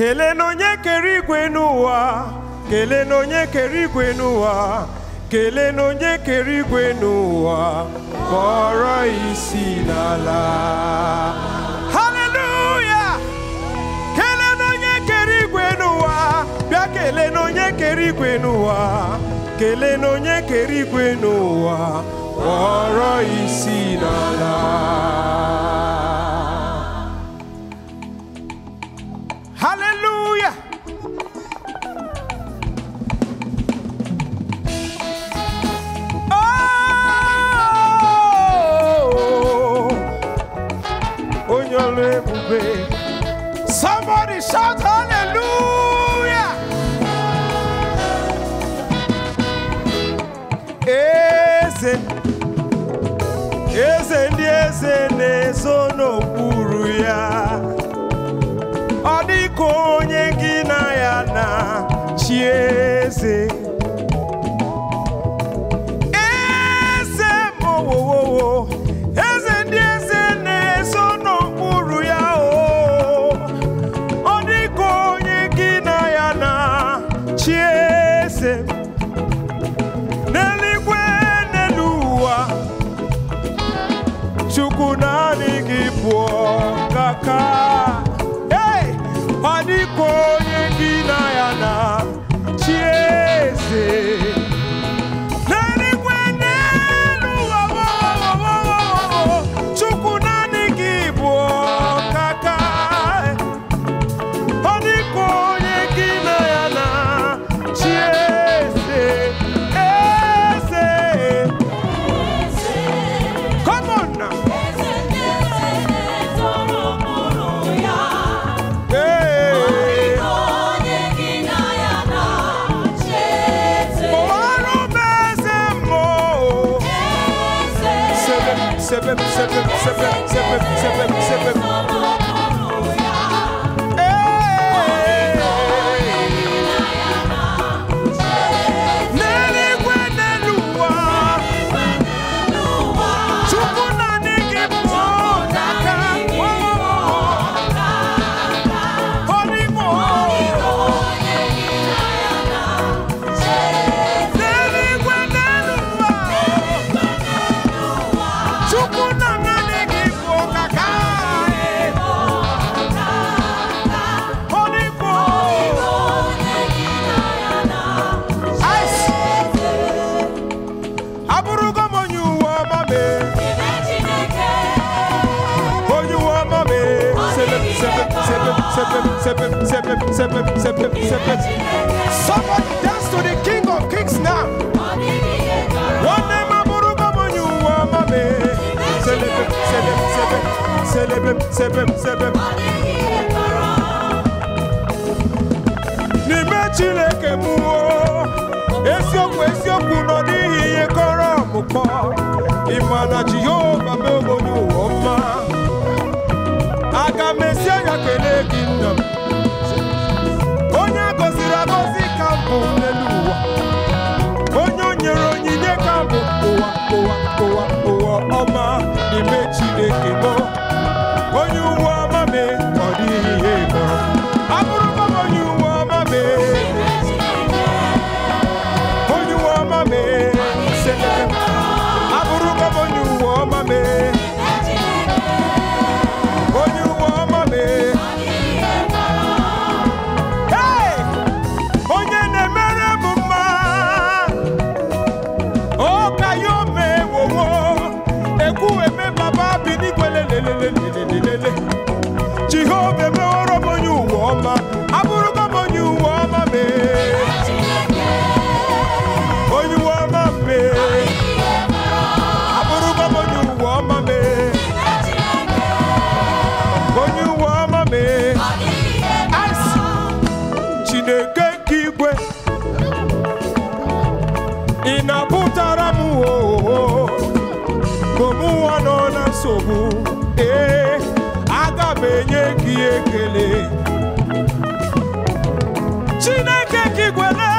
Kele no onye kere igwe n'ụwa kelee na onye kere igwe n'ụwa kelee na onye kere igwe n'ụwa kpọrọ isi n'ala haleluya kelee na onye kere igwe n'ụwa bịa kelee na onye kere igwe n'ụwa kelee na onye kere igwe n'ụwa kpọrọ isi n'ala eze ndị eze na-ezo n'okpuru ya ọ dịka onye gị na ya na chi eze c'est vrai, c'est vrai, c'est vrai, c'est vrai. Somebody dance to the King of Kings now. n'ime Chineke bụ onye uwe ị na-apụtara m ụwa komụwa nọ na nsogbu ee eh, aga m enye gị ekele Chineke ka igwe na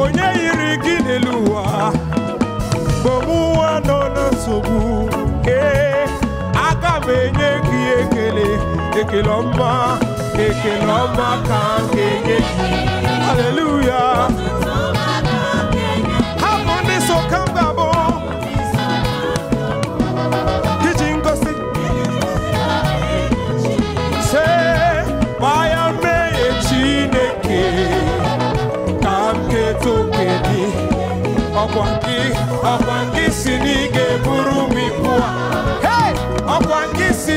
onye yiri gị n'elu ụwa nọ na nsogbu ee eh, aga m enye gị ekele ekele ọma ekele ọma ka nke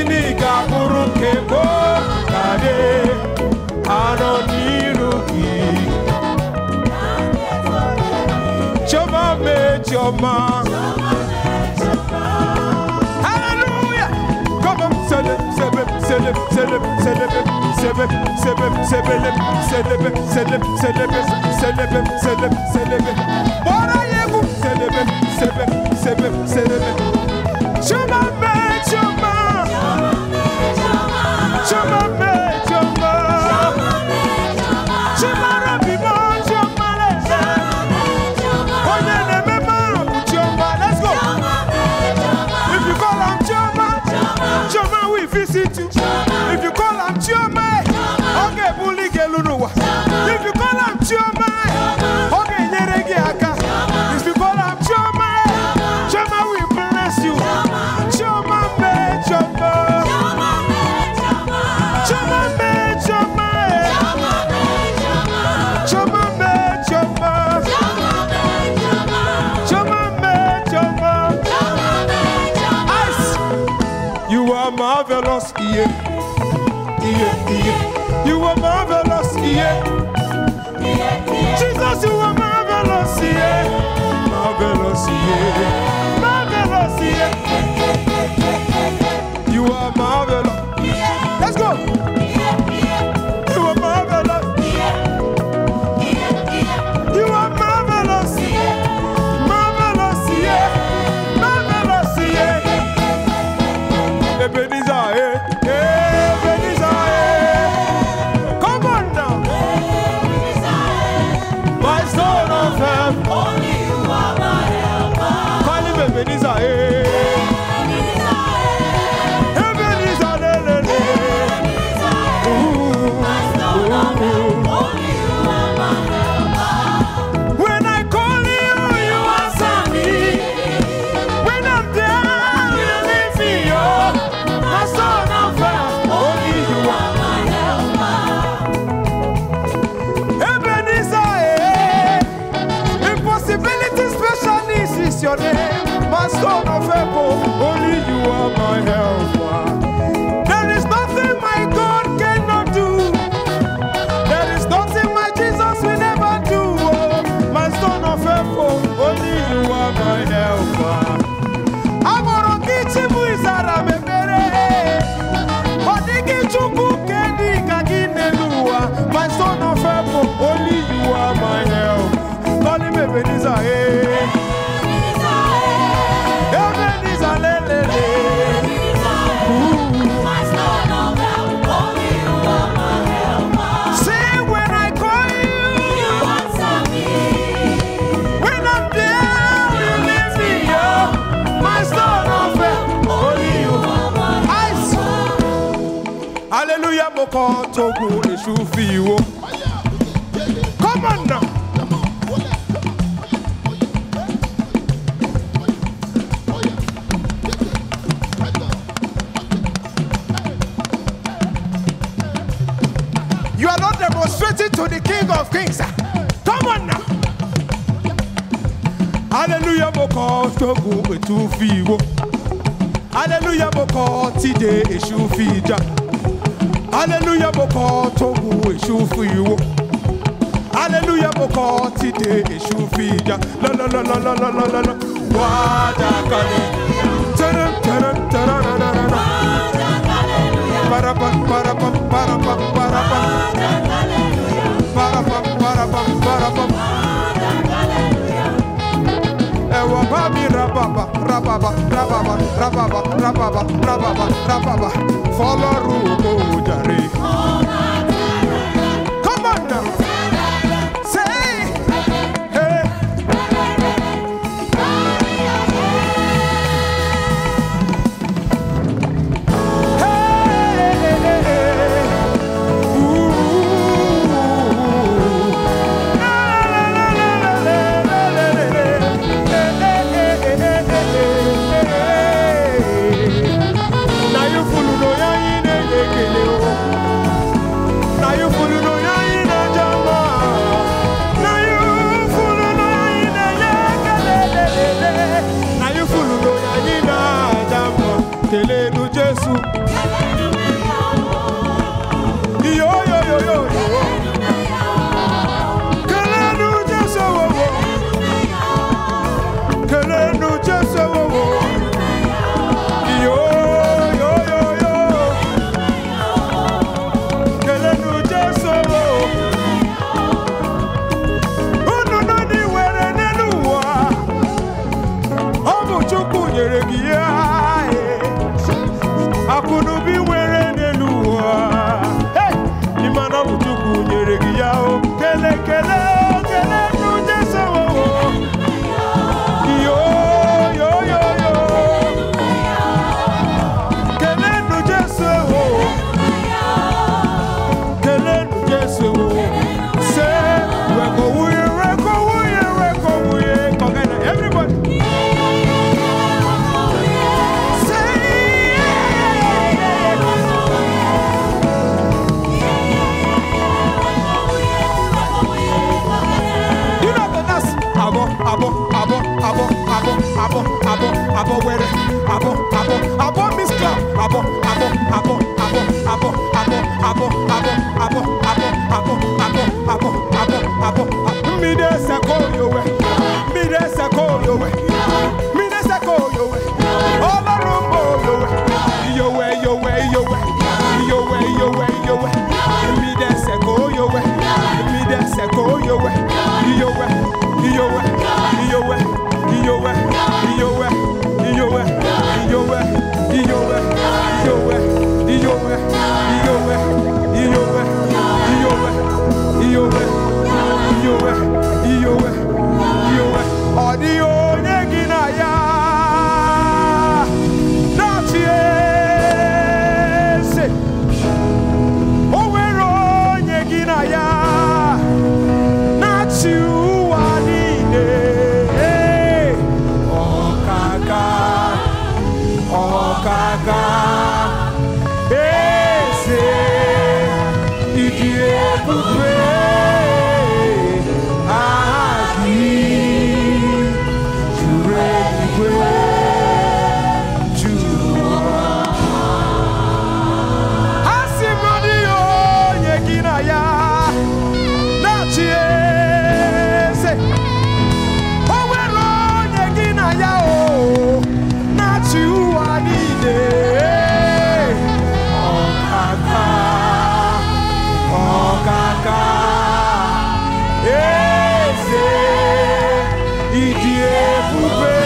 Hallelujah! ga ga-abụrụ yeah, yeah, yeah. You are marvelous, yeah. Jesus, you are marvelous, yeah. Marvelous, yeah. stone of help, only you are my helper. There is nothing my God cannot do. There is nothing my Jesus will never do. Oh, my stone of help, only you are my helper. Amorokichibu izara mebere, odigi chukwu kendi My stone of help, only you are my help. Lord, me beniza, hey. Hallelujah, Boko Togo, the Shufiwo. Come on now. You are not demonstrating to the King of Kings. Come on now. Hallelujah, Boko Togo, the Shufiwo. Hallelujah, Boko Tide, the Shufiwo hallelujah mo kọ tógun èṣù fún ìwọ hallelujah la la, tìde èṣù fún ìjà lọlọlọlọlọlọlọ. wàdà kalẹ̀ tẹ̀rẹ̀ tẹ̀rẹ̀ tẹ̀rẹ̀ rárá. wàdà hallelujah. para parapa para parapa. wàdà hallelujah. parapa para parapa. Bami rababa, rababa, rababa, rababa, rababa, rababa, rababa. Follow ò jàre. Fọlọ́run. I bump, I Hooray!